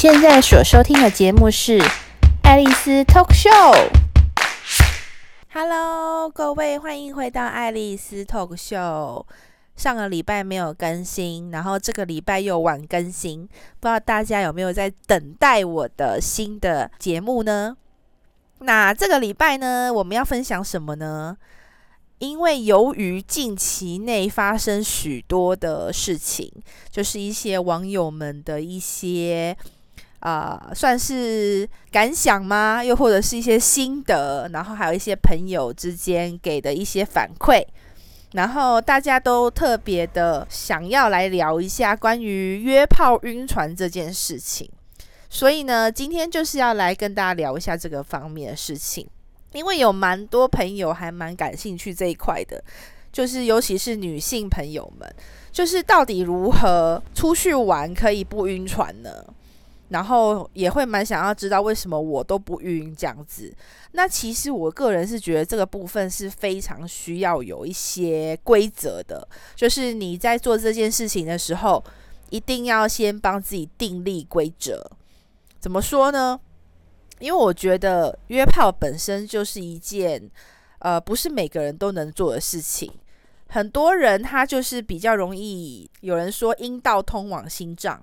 現在所收聽的節目是《愛麗絲 Talk Show》。Hello，各位，歡迎回到《愛麗絲 Talk Show》。上個禮拜沒有更新，然後這個禮拜又晚更新，不知道大家有沒有在等待我的新的節目呢？那這個禮拜呢，我們要分享什麼呢？因為由於近期內發生許多的事情，就是一些網友們的一些。啊，算是感想嗎？又或者是一些心得，然後還有一些朋友之間給的一些反饋，然後大家都特別的想要來聊一下關於約炮暈船這件事情。所以呢，今天就是要來跟大家聊一下這個方面的事情，因為有蠻多朋友還蠻感興趣這一塊的，就是尤其是女性朋友們，就是到底如何出去玩可以不暈船呢？然後也會蠻想要知道為什麼我都不暈這樣子。那其實我個人是覺得這個部分是非常需要有一些規則的，就是你在做這件事情的時候，一定要先幫自己訂立規則。怎麼說呢？因為我覺得約炮本身就是一件，呃，不是每個人都能做的事情。很多人他就是比較容易，有人說陰道通往心臟。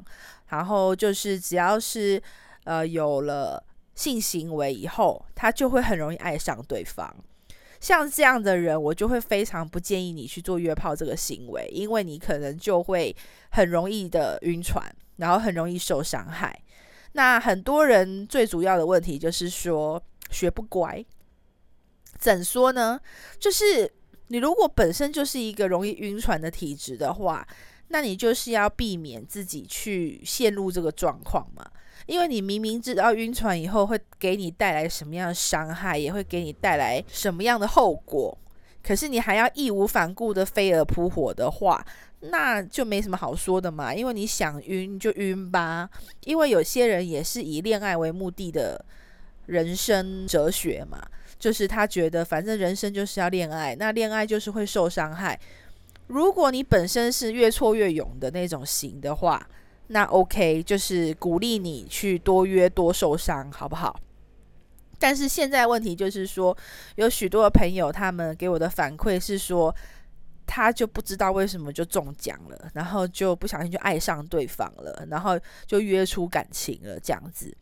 然後就是只要是，呃，有了性行為以後，他就會很容易愛上對方。像這樣的人，我就會非常不建議你去做約炮這個行為，因為你可能就會很容易的暈船，然後很容易受傷害。那很多人最主要的問題就是說學不乖，怎麼說呢？就是你如果本身就是一個容易暈船的體質的話。那你就是要避免自己去陷入這個狀況嘛，因為你明明知道暈船以後會給你帶來什麼樣的傷害，也會給你帶來什麼樣的後果，可是你還要義無反顧的飛蛾撲火的話，那就沒什麼好說的嘛，因為你想暈就暈吧，因為有些人也是以戀愛為目的的人生哲學嘛，就是他覺得反正人生就是要戀愛，那戀愛就是會受傷害。如果你本身是越挫越勇的那種型的話，那 OK，就是鼓勵你去多約多受傷，好不好？但是現在問題就是說，有許多的朋友他們給我的反饋是說，他就不知道為什麼就中獎了，然後就不小心就愛上對方了，然後就約出感情了這樣子。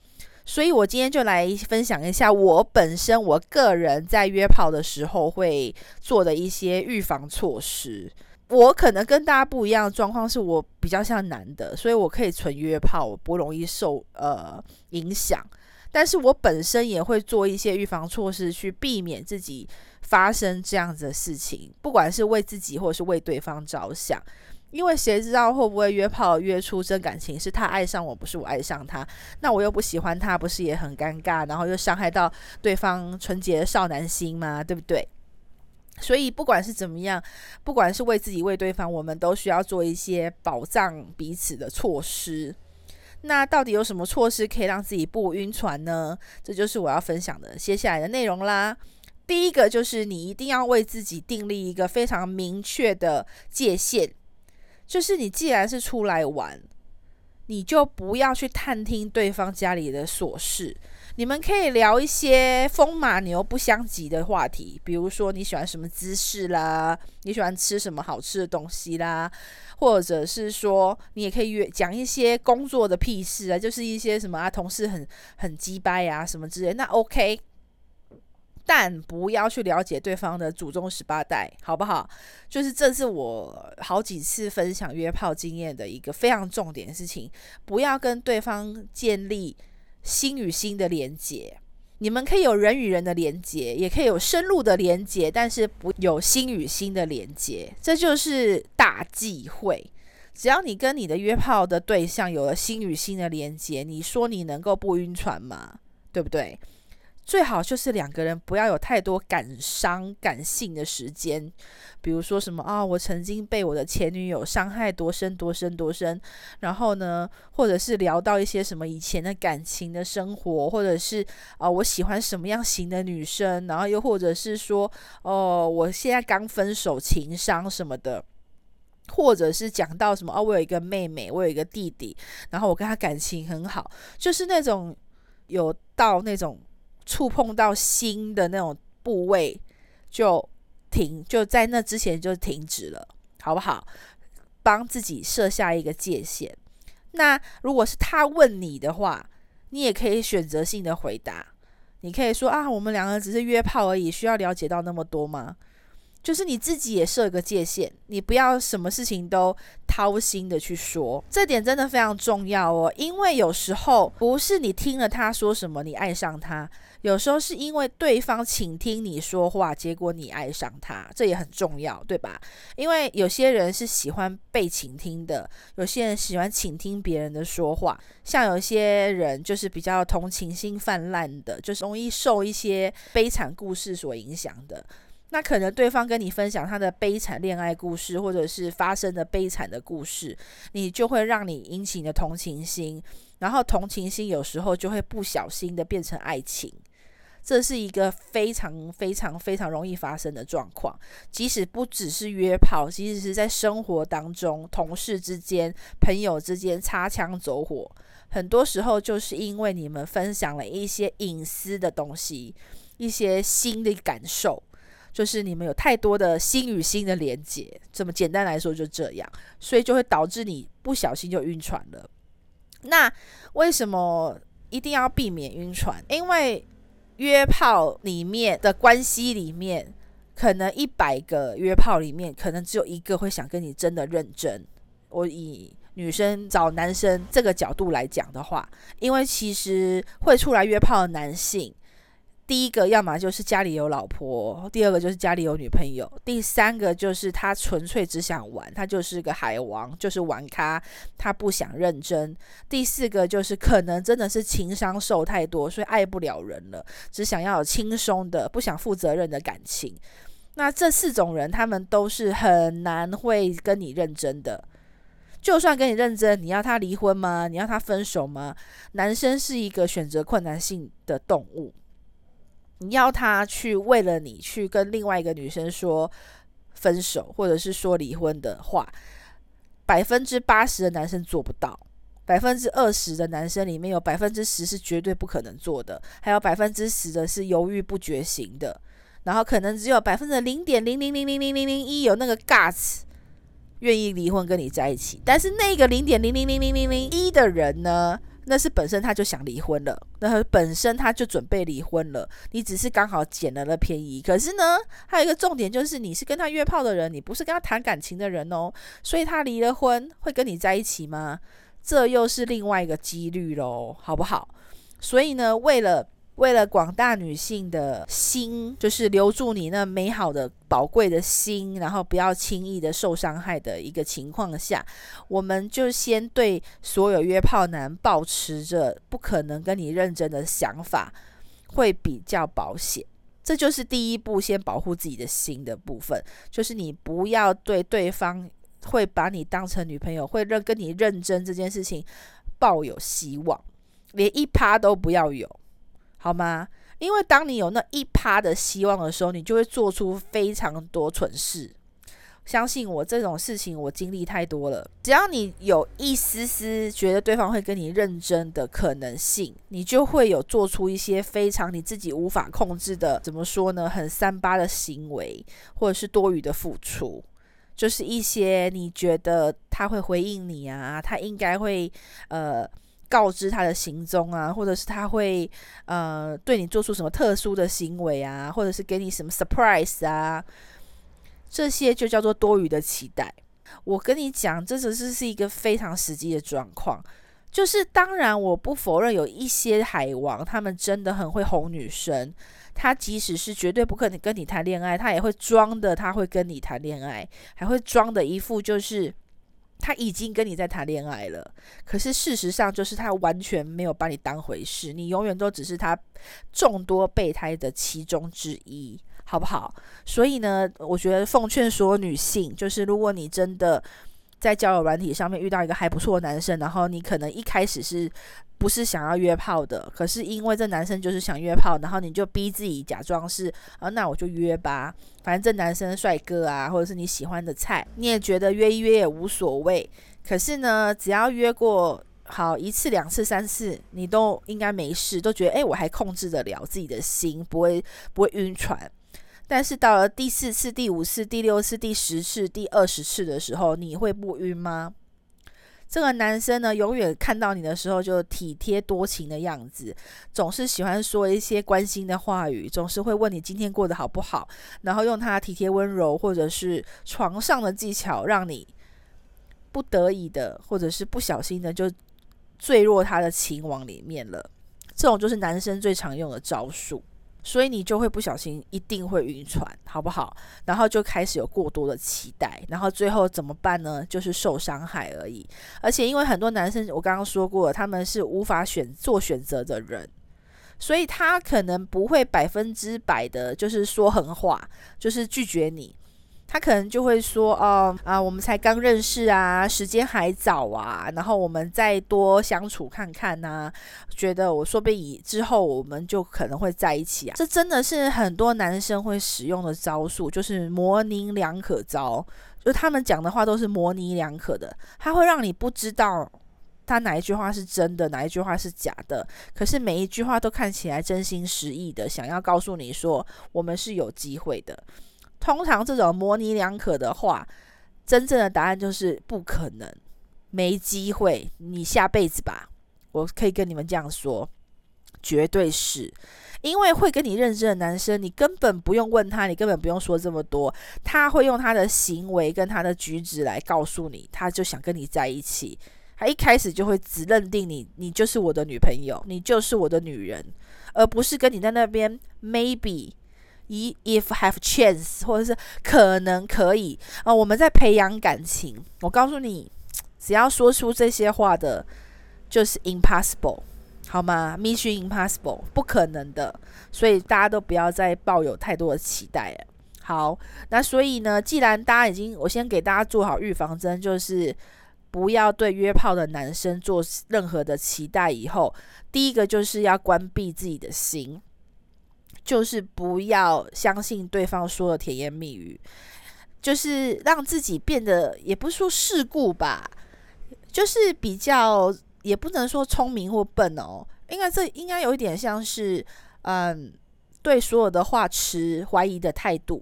所以我今天就來分享一下我本身我個人在約炮的時候會做的一些預防措施。我可能跟大家不一樣的狀況是我比較像男的，所以我可以純約炮，我不容易受呃影響。但是我本身也會做一些預防措施，去避免自己發生這樣子的事情，不管是為自己或者是為對方着想。因為誰知道會不會約炮約出真感情，是他愛上我，不是我愛上他？那我又不喜歡他，不是也很尷尬？然後又傷害到對方純潔的少男心嗎？對不對？所以不管是怎麼樣，不管是為自己為對方，我們都需要做一些保障彼此的措施。那到底有什麼措施可以讓自己不暈船呢？這就是我要分享的接下來的內容啦。第一個就是你一定要為自己訂立一個非常明確的界限，就是你既然是出來玩，你就不要去探聽對方家裡的瑣事。你們可以聊一些風馬牛不相及的話題，比如說你喜歡什麼姿勢啦，你喜歡吃什麼好吃的東西啦，或者是說你也可以約講一些工作的屁事啊，就是一些什麼啊，同事很很雞掰呀、啊、什麼之類的。那 OK，但不要去了解對方的祖宗十八代，好不好？就是這是我好幾次分享約炮經驗的一個非常重點的事情，不要跟對方建立，心與心的連接，你們可以有人與人的連接，也可以有深入的連接，但是不有心與心的連接，這就是大忌諱。只要你跟你的約炮的對象有了心與心的連接，你說你能夠不暈船嗎？對不對？最好就是兩個人不要有太多感傷、感性的時間，比如說什麼啊、哦，我曾經被我的前女友傷害多深、多深、多深，然後呢，或者是聊到一些什麼以前的感情的生活，或者是啊、哦，我喜歡什麼樣型的女生，然後又或者是說，哦，我現在剛分手，情傷什麼的，或者是講到什麼啊、哦，我有一個妹妹，我有一個弟弟，然後我跟他感情很好，就是那種有到那種。觸碰到心的那種部位就停，就在那之前就停止了，好不好？幫自己設下一個界限。那如果是他問你的話，你也可以選擇性的回答，你可以說啊，我們兩個只是約炮而已，需要了解到那麼多嗎？就是你自己也設個界限，你不要什麼事情都掏心的去說，這點真的非常重要哦。因為有時候不是你聽了他說什麼你愛上他，有時候是因為對方傾聽你說話，結果你愛上他，這也很重要，對吧？因為有些人是喜歡被傾聽的，有些人喜歡傾聽別人的說話。像有些人就是比較同情心泛濫的，就是容易受一些悲慘故事所影響的。那可能對方跟你分享他的悲慘戀愛故事，或者是發生的悲慘的故事，你就會讓你引起你的同情心，然後同情心有時候就會不小心的變成愛情。這是一個非常非常非常容易發生的狀況。即使不只是約炮，即使是在生活當中，同事之間、朋友之間擦槍走火，很多時候就是因為你們分享了一些隱私的東西，一些心理感受。就是你們有太多的心與心的連接，這麼簡單來說就這樣，所以就會導致你不小心就暈船了。那為什麼一定要避免暈船？因為約炮裡面的關係裡面，可能一百個約炮裡面，可能只有一個會想跟你真的認真。我以女生找男生這個角度來講的話，因為其實會出來約炮的男性，第一個，要麼就是家裡有老婆；第二個就是家裡有女朋友；第三個就是他純粹只想玩，他就是個海王，就是玩咖，他不想認真。第四個就是可能真的是情傷受太多，所以愛不了人了，只想要有輕鬆的、不想負責任的感情。那這四種人，他們都是很難會跟你認真的。就算跟你認真，你要他離婚嗎？你要他分手嗎？男生是一個選擇困難性的動物。你要他去為了你去跟另外一個女生說分手，或者是說離婚的話，百分之八十的男生做不到，百分之二十的男生裡面有百分之十是絕對不可能做的，還有百分之十的是猶豫不決型的，然後可能只有百分之零點零零零零零零一有那個 guts 願意離婚跟你在一起，但是那個零點零零零零零零一的人呢？那是本身他就想離婚了，那本身他就準備離婚了，你只是剛好撿了那便宜。可是呢，還有一個重點就是，你是跟他約炮的人，你不是跟他談感情的人哦。所以他離了婚會跟你在一起嗎？這又是另外一個幾率嘍，好不好？所以呢，為了。為了廣大女性的心，就是留住你那美好的、寶貴的心，然後不要輕易的受傷害的一個情況下，我們就先對所有約炮男抱持著不可能跟你認真的想法，會比較保險。這就是第一步，先保護自己的心的部分，就是你不要對對方會把你當成女朋友、會認跟你認真這件事情抱有希望，連一趴都不要有。好嗎？因為當你有那一趴的希望的時候，你就會做出非常多蠢事。相信我，這種事情我經歷太多了。只要你有一絲絲覺得對方會跟你認真的可能性，你就會有做出一些非常你自己無法控制的，怎麼說呢？很三八的行為，或者是多餘的付出，就是一些你覺得他會回應你啊，他應該會呃。告知他的行蹤啊，或者是他會呃，對你做出什麼特殊的行為啊，或者是給你什麼 surprise 啊，這些就叫做多餘的期待。我跟你講，這只是是一個非常實際的狀況。就是當然，我不否認有一些海王，他們真的很會哄女生。他即使是絕對不可能跟你談戀愛，他也會裝的，他會跟你談戀愛，還會裝的一副就是。他已經跟你在談戀愛了，可是事實上就是他完全沒有把你當回事，你永遠都只是他眾多備胎的其中之一，好不好？所以呢，我覺得奉勸所有女性，就是如果你真的在交友軟體上面遇到一個還不錯的男生，然後你可能一開始是。不是想要約炮的，可是因為這男生就是想約炮，然後你就逼自己假裝是啊，那我就約吧。反正這男生帥哥啊，或者是你喜歡的菜，你也覺得約一約也無所謂。可是呢，只要約過好一次、兩次、三次，你都應該沒事，都覺得哎，我還控制得了自己的心，不會不會暈船。但是到了第四次、第五次、第六次、第十次、第二十次的時候，你會不暈嗎？這個男生呢，永遠看到你的時候就體貼多情的樣子，總是喜歡說一些關心的話語，總是會問你今天過得好不好，然後用他體貼溫柔或者是床上的技巧，讓你不得已的或者是不小心的就墜落他的情網裡面了。這種就是男生最常用的招數。所以你就會不小心，一定會暈船，好不好？然後就開始有過多的期待，然後最後怎麼辦呢？就是受傷害而已。而且因為很多男生，我剛剛說過，他們是無法選做選擇的人，所以他可能不會百分之百的，就是說狠話，就是拒絕你。他可能就會說：“哦、嗯、啊，我們才剛認識啊，時間還早啊，然後我們再多相處看看呢、啊，覺得我說不定之後我們就可能會在一起啊。”這真的是很多男生會使用的招數，就是模棱兩可招，就他們講的話都是模棱兩可的，他會讓你不知道他哪一句話是真的，哪一句話是假的，可是每一句話都看起來真心實意的，想要告訴你說我們是有機會的。通常這種模棱兩可的話，真正的答案就是不可能，沒機會。你下輩子吧，我可以跟你們這樣說，絕對是因為會跟你認真的男生，你根本不用問他，你根本不用說這麼多，他會用他的行為跟他的舉止來告訴你，他就想跟你在一起。他一開始就會只認定你，你就是我的女朋友，你就是我的女人，而不是跟你在那邊 maybe。以 if have chance，或者是可能可以啊、呃，我們在培養感情。我告訴你，只要說出這些話的，就是 impossible，好嗎？Mission impossible，不可能的。所以大家都不要再抱有太多的期待了。好，那所以呢，既然大家已經，我先給大家做好預防針，就是不要對約炮的男生做任何的期待。以後第一個就是要關閉自己的心。就是不要相信對方說的甜言蜜語，就是讓自己變得也不是說世故吧，就是比較也不能說聰明或笨哦。應該這應該有一點像是，嗯，對所有的話持懷疑的態度，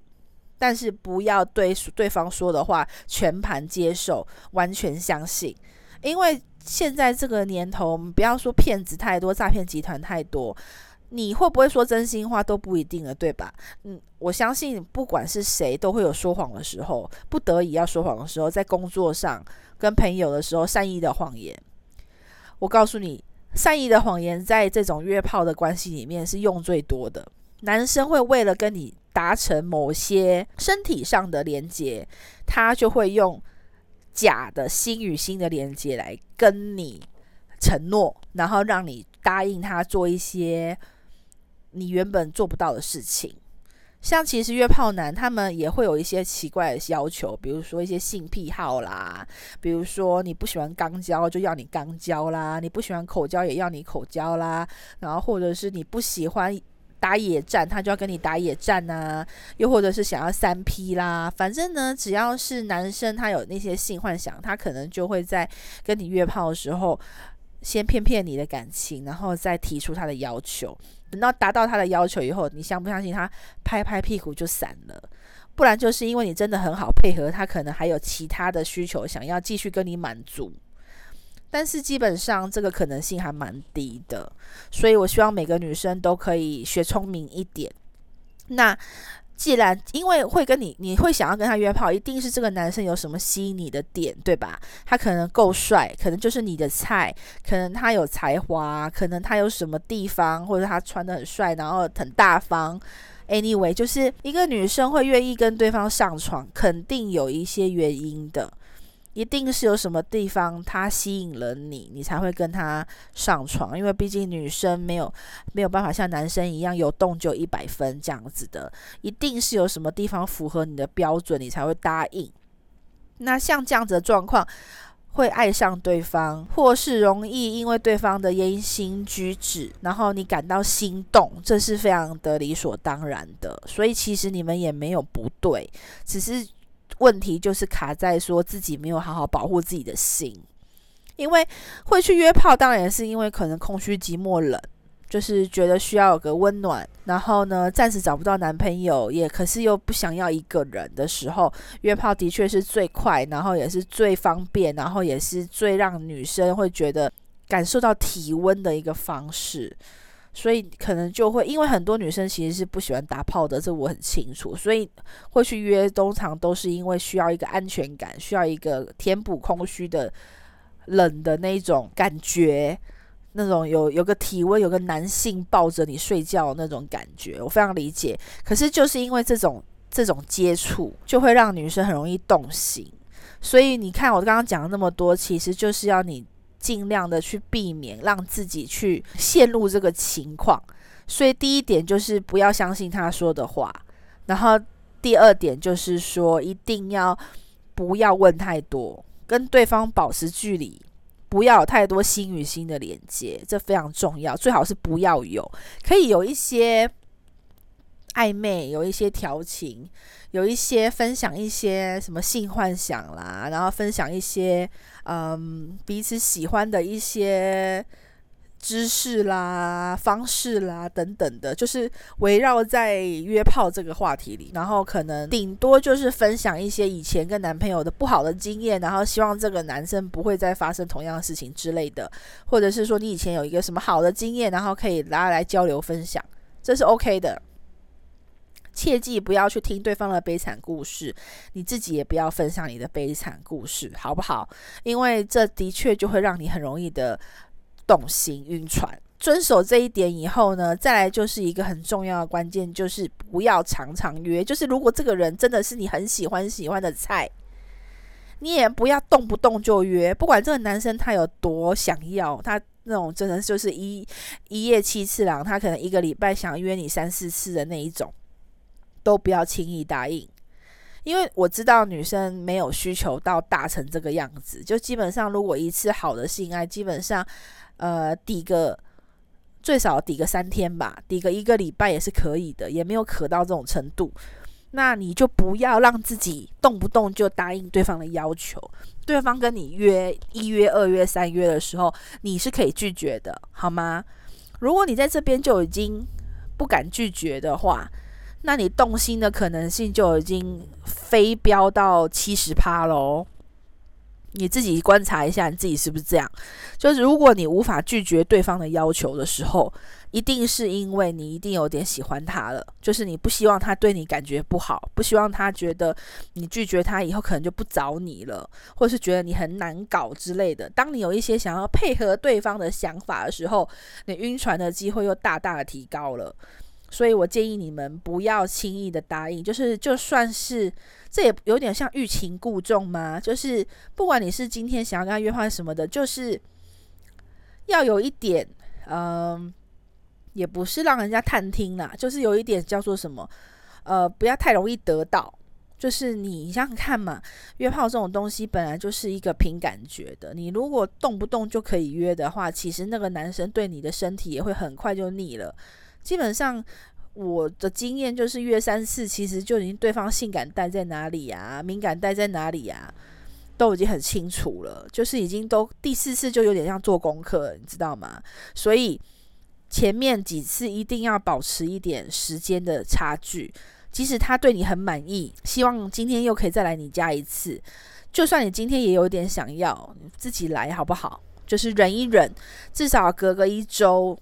但是不要對對方說的話全盤接受、完全相信，因為現在這個年頭，我們不要說騙子太多、詐騙集團太多。你會不會說真心話都不一定了，對吧？嗯，我相信不管是誰都會有說謊的時候，不得已要說謊的時候，在工作上、跟朋友的時候，善意的謊言。我告訴你，善意的謊言在這種約炮的關係裡面是用最多的。男生會為了跟你達成某些身體上的連接，他就會用假的心與心的連接來跟你承諾，然後讓你答應他做一些。你原本做不到的事情，像其實約炮男他們也會有一些奇怪的要求，比如說一些性癖好啦，比如說你不喜歡肛交就要你肛交啦，你不喜歡口交也要你口交啦，然後或者是你不喜歡打野戰，他就要跟你打野戰吶、啊，又或者是想要三 P 啦，反正呢，只要是男生他有那些性幻想，他可能就會在跟你約炮的時候。先騙騙你的感情，然後再提出他的要求。等到達到他的要求以後，你相不相信他拍拍屁股就散了？不然就是因為你真的很好配合，他可能還有其他的需求想要繼續跟你滿足。但是基本上這個可能性還蠻低的，所以我希望每個女生都可以學聰明一點。那。既然因為會跟你，你會想要跟他約炮，一定是這個男生有什麼吸引你的點，對吧？他可能夠帥，可能就是你的菜，可能他有才華，可能他有什麼地方，或者他穿得很帥，然後很大方。Anyway，就是一個女生會願意跟對方上床，肯定有一些原因的。一定是有什麼地方他吸引了你，你才會跟他上床。因為畢竟女生沒有沒有辦法像男生一樣有洞就一百分這樣子的，一定是有什麼地方符合你的標準，你才會答應。那像這樣子的狀況，會愛上對方，或是容易因為對方的言行舉止，然後你感到心動，這是非常的理所當然的。所以其實你們也沒有不對，只是。問題就是卡在說，自己沒有好好保護自己的心，因為會去約炮，當然也是因為可能空虛、寂寞、冷，就是覺得需要有個溫暖。然後呢，暫時找不到男朋友，也可是又不想要一個人的時候，約炮的確是最快，然後也是最方便，然後也是最讓女生會覺得感受到體溫的一個方式。所以可能就會，因為很多女生其實是不喜歡打炮的，這我很清楚，所以會去約，通常都是因為需要一個安全感，需要一個填補空虛的冷的那一種感覺，那種有有個體溫，有個男性抱着你睡覺的那種感覺，我非常理解。可是就是因為這種這種接觸，就會讓女生很容易動心，所以你看我剛剛講了那麼多，其實就是要你。盡量的去避免讓自己去陷入這個情況，所以第一點就是不要相信他說的話，然後第二點就是說一定要不要問太多，跟對方保持距離，不要有太多心與心的連接，這非常重要，最好是不要有，可以有一些。曖昧有一些調情，有一些分享一些什麼性幻想啦，然後分享一些嗯彼此喜歡的一些姿勢啦、方式啦等等的，就是圍繞在約炮這個話題裡。然後可能頂多就是分享一些以前跟男朋友的不好的經驗，然後希望這個男生不會再發生同樣的事情之類的，或者是說你以前有一個什麼好的經驗，然後可以拿來交流分享，這是 OK 的。切記不要去聽對方的悲慘故事，你自己也不要分享你的悲慘故事，好不好？因為這的確就會讓你很容易的動心暈船。遵守這一點以後呢，再來就是一個很重要的關鍵，就是不要常常約。就是如果這個人真的是你很喜歡喜歡的菜，你也不要動不動就約。不管這個男生他有多想要，他那種真的就是一一夜七次郎，他可能一個禮拜想約你三四次的那一種。都不要輕易答應，因為我知道女生沒有需求到大成這個樣子。就基本上，如果一次好的性愛，基本上，呃，抵個最少抵個三天吧，抵個一個禮拜也是可以的，也沒有渴到這種程度。那你就不要讓自己動不動就答應對方的要求。對方跟你約一約、二約、三約的時候，你是可以拒絕的，好嗎？如果你在這邊就已經不敢拒絕的話，那你動心的可能性就已經飛飆到七十趴嘍！你自己觀察一下，你自己是不是這樣？就是如果你無法拒絕對方的要求的時候，一定是因為你一定有點喜歡他了。就是你不希望他對你感覺不好，不希望他覺得你拒絕他以後可能就不找你了，或是覺得你很難搞之類的。當你有一些想要配合對方的想法的時候，你暈船的機會又大大的提高了。所以我建議你們不要輕易的答應，就是就算是這也有點像欲擒故縱嘛，就是不管你是今天想要跟他約炮什麼的，就是要有一點，嗯、呃，也不是讓人家探聽啦，就是有一點叫做什麼，呃，不要太容易得到。就是你想想看嘛，約炮這種東西本來就是一個憑感覺的，你如果動不動就可以約的話，其實那個男生對你的身體也會很快就膩了。基本上我的經驗就是約三次，其實就已經對方性感帶在哪裡呀、啊，敏感帶在哪裡呀、啊，都已經很清楚了。就是已經都第四次就有點像做功課，你知道嗎？所以前面幾次一定要保持一點時間的差距，即使他對你很滿意，希望今天又可以再來你家一次，就算你今天也有點想要，你自己來好不好？就是忍一忍，至少隔個一周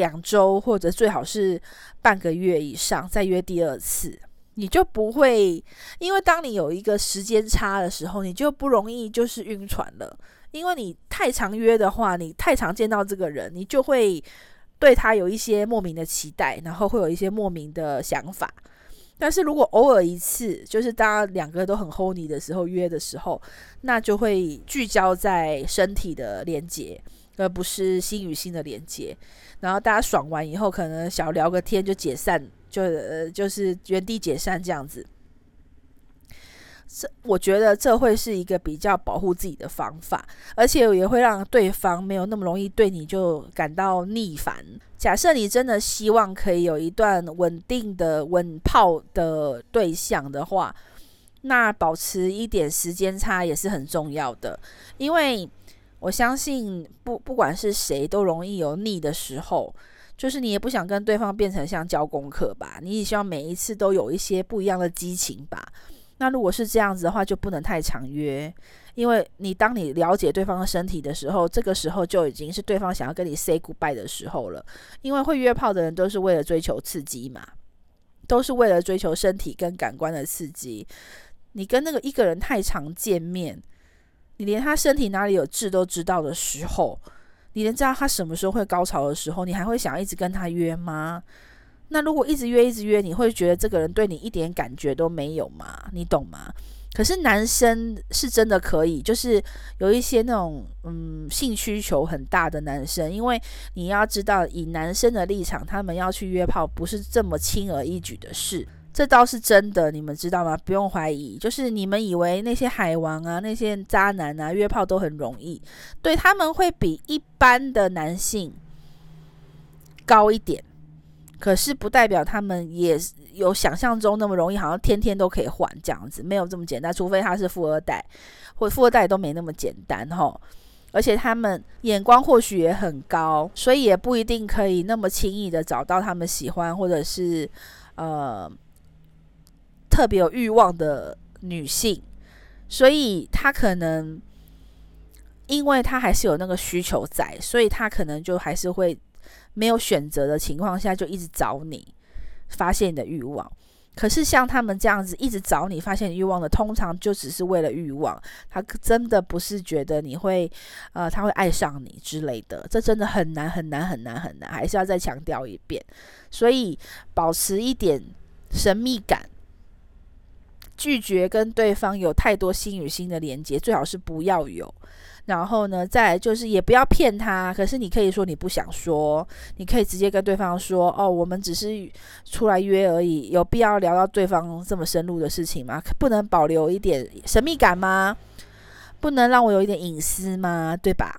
兩週或者最好是半個月以上再約第二次，你就不會，因為當你有一個時間差的時候，你就不容易就是暈船了。因為你太常約的話，你太常見到這個人，你就會對他有一些莫名的期待，然後會有一些莫名的想法。但是如果偶爾一次，就是當兩個都很 h o 的時候約的時候，那就會聚焦在身體的連接，而不是心與心的連接。然後大家爽完以後，可能小聊個天就解散，就呃就是原地解散這樣子。這我覺得這會是一個比較保護自己的方法，而且也會讓對方沒有那麼容易對你就感到逆反。假設你真的希望可以有一段穩定的穩砲的對象的話，那保持一點時間差也是很重要的，因為。我相信不不管是誰都容易有膩的時候，就是你也不想跟對方變成像交功課吧，你也希望每一次都有一些不一樣的激情吧。那如果是這樣子的話，就不能太常約，因為你當你了解對方的身體的時候，這個時候就已經是對方想要跟你 say goodbye 的時候了。因為會約炮的人都是為了追求刺激嘛，都是為了追求身體跟感官的刺激。你跟那個一個人太常見面。你連他身體哪裡有痣都知道的時候，你連知道他什麼時候會高潮的時候，你還會想要一直跟他約嗎？那如果一直約一直約，你會覺得這個人對你一點感覺都沒有嗎？你懂嗎？可是男生是真的可以，就是有一些那種嗯性需求很大的男生，因為你要知道，以男生的立場，他們要去約炮不是這麼輕而易舉的事。這倒是真的，你們知道嗎？不用懷疑，就是你們以為那些海王啊、那些渣男啊、約炮都很容易，對他們會比一般的男性高一點，可是不代表他們也有想象中那麼容易，好像天天都可以換這樣子，沒有這麼簡單。除非他是富二代，或富二代都沒那麼簡單哈、哦。而且他們眼光或許也很高，所以也不一定可以那麼輕易的找到他們喜歡或者是呃。特別有欲望的女性，所以她可能，因為她還是有那個需求在，所以她可能就還是會沒有選擇的情況下，就一直找你，發現你的欲望。可是像他們這樣子一直找你發現欲望的，通常就只是為了欲望，他真的不是覺得你會，呃，他會愛上你之類的。這真的很難很難很難很難，還是要再強調一遍，所以保持一點神秘感。拒絕跟對方有太多心與心的連接，最好是不要有。然後呢，再來就是也不要騙他。可是你可以說你不想說，你可以直接跟對方說：“哦，我們只是出來約而已，有必要聊到對方這麼深入的事情嗎？不能保留一點神秘感嗎？不能讓我有一點隱私嗎？對吧？”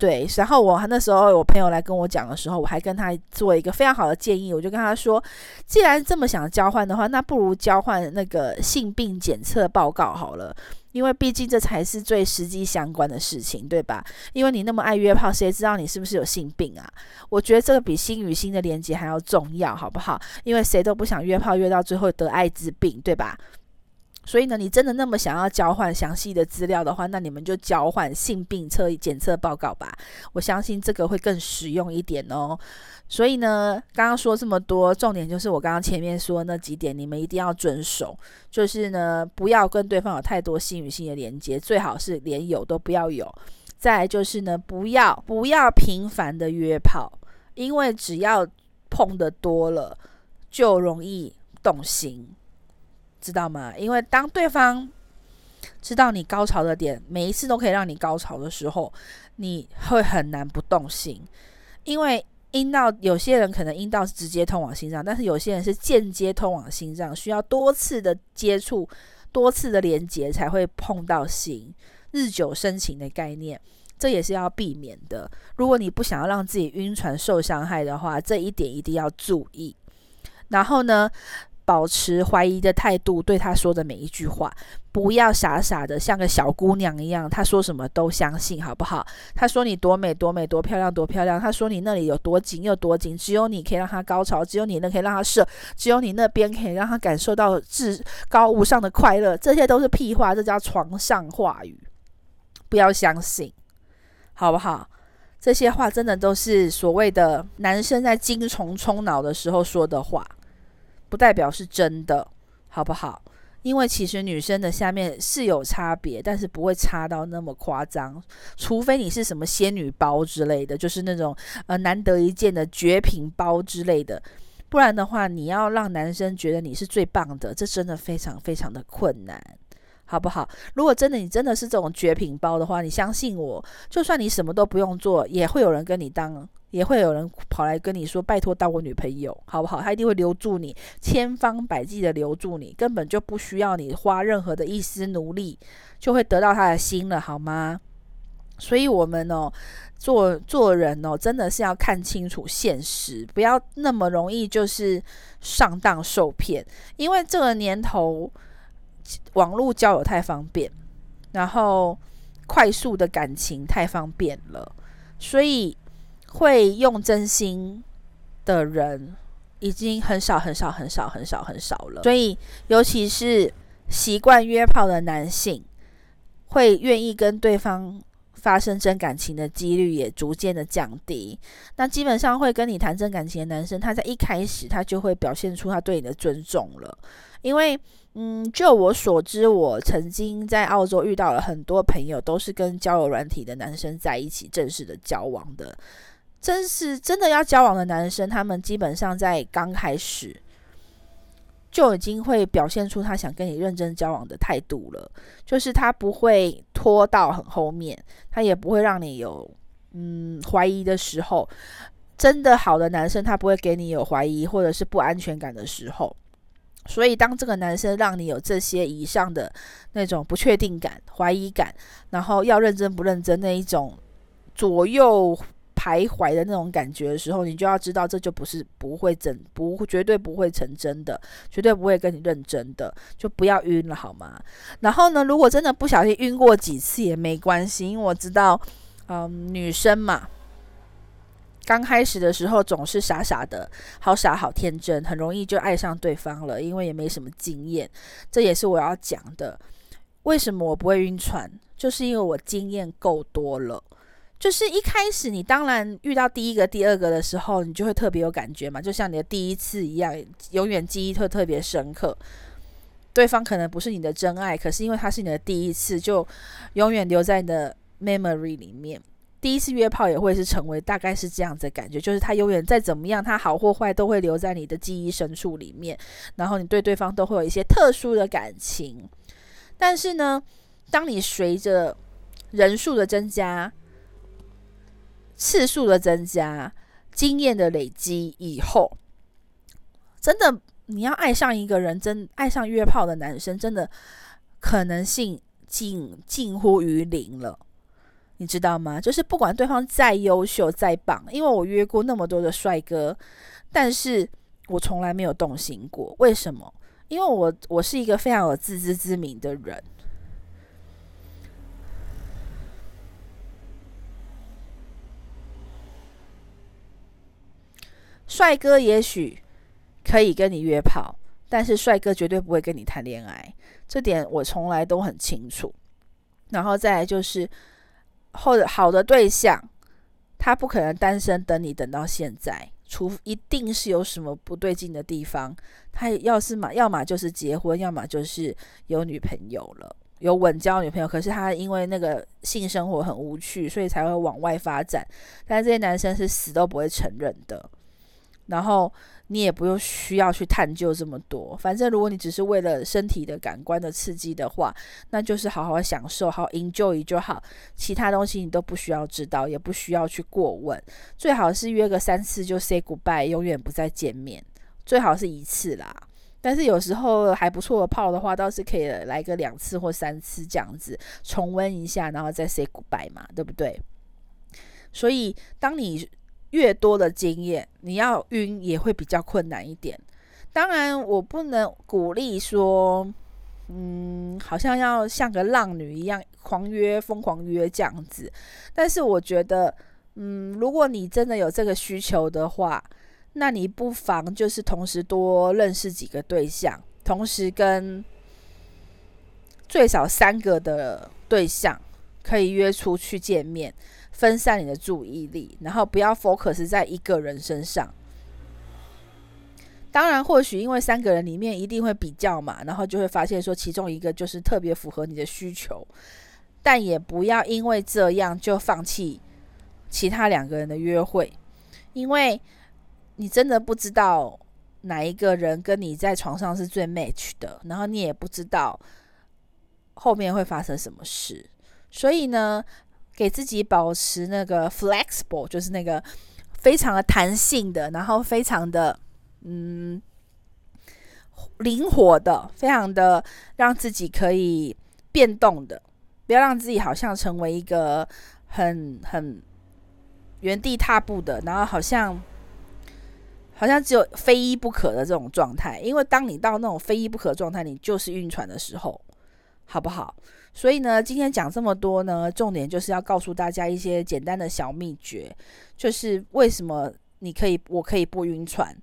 對，然後我那時候我朋友來跟我講的時候，我還跟他做一個非常好的建議，我就跟他說，既然這麼想交換的話，那不如交換那個性病檢測報告好了，因為畢竟這才是最實際相關的事情，對吧？因為你那麼愛約炮，誰知道你是不是有性病啊？我覺得這個比心與心的連接還要重要，好不好？因為誰都不想約炮約到最後得艾滋病，對吧？所以呢，你真的那麼想要交換詳細的資料的話，那你們就交換性病測檢測報告吧。我相信這個會更實用一點哦。所以呢，剛剛說這麼多，重點就是我剛剛前面說那幾點，你們一定要遵守。就是呢，不要跟對方有太多心與心的連接，最好是連有都不要有。再來就是呢，不要不要頻繁的約炮，因為只要碰得多了，就容易動心。知道嗎？因為當對方知道你高潮的點，每一次都可以讓你高潮的時候，你會很難不動心。因為陰道有些人可能陰道是直接通往心臟，但是有些人是間接通往心臟，需要多次的接觸、多次的連接才會碰到心。日久生情的概念，這也是要避免的。如果你不想要讓自己暈船受傷害的話，這一點一定要注意。然後呢，保持懷疑的態度，對他說的每一句話，不要傻傻的像個小姑娘一樣，他說什麼都相信，好不好？他說你多美多美多漂亮多漂亮，他說你那裡有多緊有多緊，只有你可以讓他高潮，只有你那可以讓他射，只有你那邊可以讓他感受到至高無上的快樂，這些都是屁話，這叫床上話語，不要相信，好不好？這些話真的都是所謂的男生在精蟲衝腦的時候說的話。不代表是真的，好不好？因為其實女生的下面是有差別，但是不會差到那麼誇張，除非你是什麼仙女包之類的，就是那種呃難得一見的絕品包之類的，不然的話，你要讓男生覺得你是最棒的，這真的非常非常的困難，好不好？如果真的你真的是這種絕品包的話，你相信我，就算你什麼都不用做，也會有人跟你當。也會有人跑來跟你說：“拜託當我女朋友，好不好？”他一定會留住你，千方百計的留住你，根本就不需要你花任何的一絲努力，就會得到他的心了，好嗎？所以，我們哦，做做人哦，真的是要看清楚現實，不要那麼容易就是上當受騙。因為這個年頭，網絡交友太方便，然後快速的感情太方便了，所以。會用真心的人已經很少、很少、很少、很少、很少了。所以，尤其是習慣約炮的男性，會願意跟對方發生真感情的幾率也逐漸的降低。那基本上會跟你談真感情的男生，他在一開始他就會表現出他對你的尊重了。因為，嗯，就我所知，我曾經在澳洲遇到了很多朋友，都是跟交友軟體的男生在一起正式的交往的。真是真的要交往的男生，他們基本上在剛開始就已經會表現出他想跟你認真交往的態度了。就是他不會拖到很後面，他也不會讓你有嗯懷疑的時候。真的好的男生，他不會給你有懷疑或者是不安全感的時候。所以，當這個男生讓你有這些以上的那種不確定感、懷疑感，然後要認真不認真那一種左右。徘徊的那種感覺的時候，你就要知道，這就不是不會真不絕對不會成真的，絕對不會跟你認真的，就不要暈了好嗎？然後呢，如果真的不小心暈過幾次也沒關係，因為我知道，嗯，女生嘛，剛開始的時候總是傻傻的，好傻好天真，很容易就愛上對方了，因為也沒什麼經驗，這也是我要講的。為什麼我不會暈船？就是因為我經驗夠多了。就是一開始，你當然遇到第一個、第二個的時候，你就會特別有感覺嘛，就像你的第一次一樣，永遠記憶特特別深刻。對方可能不是你的真愛，可是因為他是你的第一次，就永遠留在你的 memory 裡面。第一次約炮也會是成為大概是這樣子的感覺，就是他永遠再怎麼樣，他好或壞都會留在你的記憶深處裡面。然後你對對方都會有一些特殊的感情。但是呢，當你隨着人數的增加，次數的增加，經驗的累積以後，真的你要愛上一個人，真愛上約炮的男生，真的可能性近近乎於零了，你知道嗎？就是不管對方再優秀、再棒，因為我約過那麼多的帥哥，但是我從來沒有動心過。為什麼？因為我我是一個非常有自知之明的人。帥哥也許可以跟你約炮，但是帥哥絕對不會跟你談戀愛，這點我從來都很清楚。然後再來就是後好的對象，他不可能單身等你等到現在，除一定是有什麼不對勁的地方。他要是嘛，要麼就是結婚，要麼就是有女朋友了，有穩交的女朋友。可是他因為那個性生活很無趣，所以才會往外發展。但這些男生是死都不會承認的。然後你也不用需要去探究這麼多，反正如果你只是為了身體的感官的刺激的話，那就是好好享受，好好 enjoy 就好，其他東西你都不需要知道，也不需要去過問。最好是約個三次就 say goodbye，永遠不再見面。最好是一次啦，但是有時候還不錯的砲的話，倒是可以來個兩次或三次這樣子，重溫一下，然後再 say goodbye 嘛，對不對？所以當你越多的經驗，你要暈也會比較困難一點。當然，我不能鼓勵說，嗯，好像要像個浪女一樣狂約、瘋狂約這樣子。但是，我覺得，嗯，如果你真的有這個需求的話，那你不妨就是同時多認識幾個對象，同時跟最少三個的對象可以約出去見面。分散你的注意力，然後不要 focus 在一個人身上。當然，或許因為三個人裡面一定會比較嘛，然後就會發現說其中一個就是特別符合你的需求，但也不要因為這樣就放棄其他兩個人的約會，因為你真的不知道哪一個人跟你在床上是最 match 的，然後你也不知道後面會發生什麼事，所以呢。給自己保持那個 flexible，就是那個非常的彈性的，然後非常的嗯靈活的，非常的讓自己可以變動的，不要讓自己好像成為一個很很原地踏步的，然後好像好像只有非一不可的這種狀態。因為當你到那種非一不可的狀態，你就是暈船的時候。好不好？所以呢，今天講這麼多呢，重點就是要告訴大家一些簡單的小祕訣，就是為什麼你可以，我可以不暈船，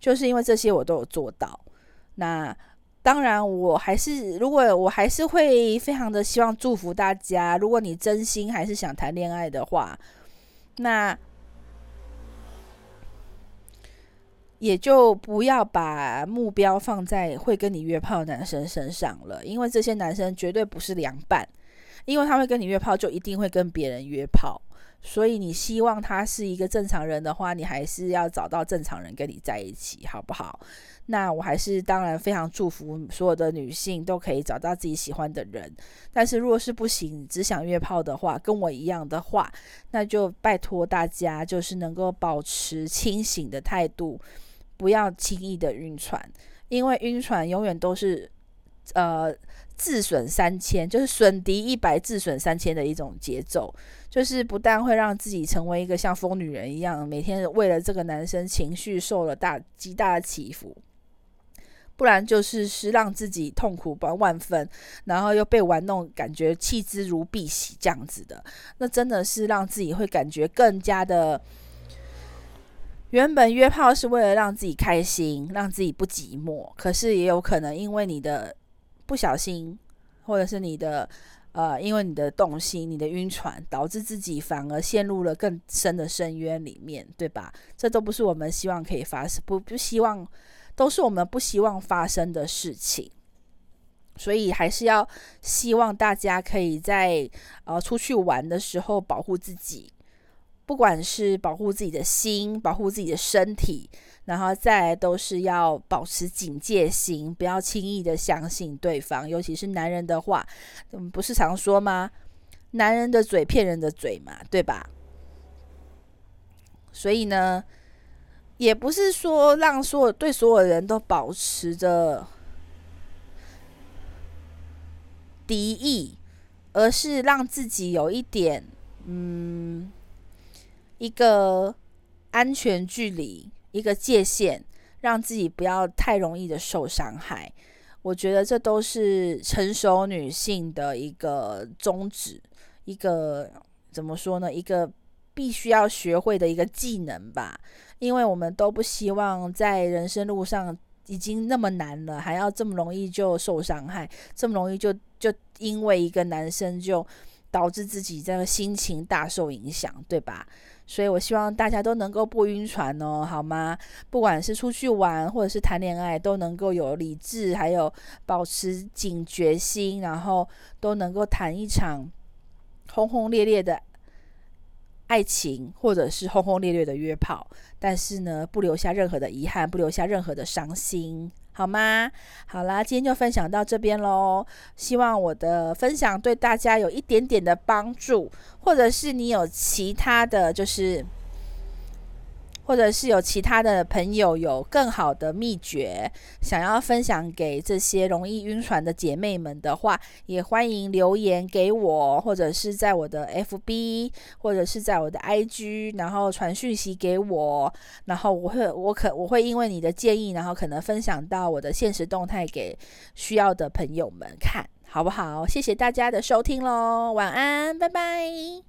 就是因為這些我都有做到。那當然我還是，如果我還是會非常的希望祝福大家，如果你真心還是想談戀愛的話，那。也就不要把目標放在會跟你約炮的男生身上了，因為這些男生絕對不是良伴，因為他會跟你約炮，就一定會跟別人約炮所以你希望他是一個正常人的話，你還是要找到正常人跟你在一起，好不好？那我還是當然非常祝福所有的女性都可以找到自己喜歡的人，但是如果是不行，只想約炮的話，跟我一樣的話，那就拜託大家就是能夠保持清醒的態度。不要輕易的暈船，因為暈船永遠都是，呃，自損三千，就是損敵一百，自損三千的一種節奏。就是不但會讓自己成為一個像瘋女人一樣，每天為了這個男生情緒受了大極大的起伏，不然就是是讓自己痛苦不萬萬分，然後又被玩弄，感覺棄之如敝屣這樣子的，那真的是讓自己會感覺更加的。原本約炮是為了讓自己開心，讓自己不寂寞。可是也有可能因為你的不小心，或者是你的呃，因為你的動心、你的暈船，導致自己反而陷入了更深的深淵裡面，對吧？這都不是我們希望可以發生，不不希望，都是我們不希望發生的事情。所以還是要希望大家可以在呃出去玩的時候保護自己。不管是保護自己的心，保護自己的身體，然後再來都是要保持警戒心，不要輕易的相信對方，尤其是男人的話，我們不是常說嗎？男人的嘴，騙人的嘴嘛，對吧？所以呢，也不是說讓所有對所有人都保持着敵意，而是讓自己有一點，嗯。一個安全距離，一個界限，讓自己不要太容易的受傷害。我覺得這都是成熟女性的一個宗旨，一個怎麼說呢？一個必須要學會的一個技能吧。因為我們都不希望在人生路上已經那麼難了，還要這麼容易就受傷害，這麼容易就就因為一個男生就。導致自己這個心情大受影響，對吧？所以我希望大家都能夠不暈船哦，好嗎？不管是出去玩或者是談戀愛，都能夠有理智，還有保持警覺心，然後都能夠談一場轟轟烈烈的愛情，或者是轟轟烈烈的約炮，但是呢，不留下任何的遺憾，不留下任何的傷心。好嗎？好啦，今天就分享到這邊嘍。希望我的分享對大家有一點點的幫助，或者是你有其他的，就是。或者是有其他的朋友有更好的秘訣，想要分享給這些容易暈船的姐妹們的話，也歡迎留言給我，或者是在我的 FB，或者是在我的 IG，然後傳訊息給我，然後我會我可我會因為你的建議，然後可能分享到我的限時動態給需要的朋友們看，好不好？謝謝大家的收聽嘍，晚安，拜拜。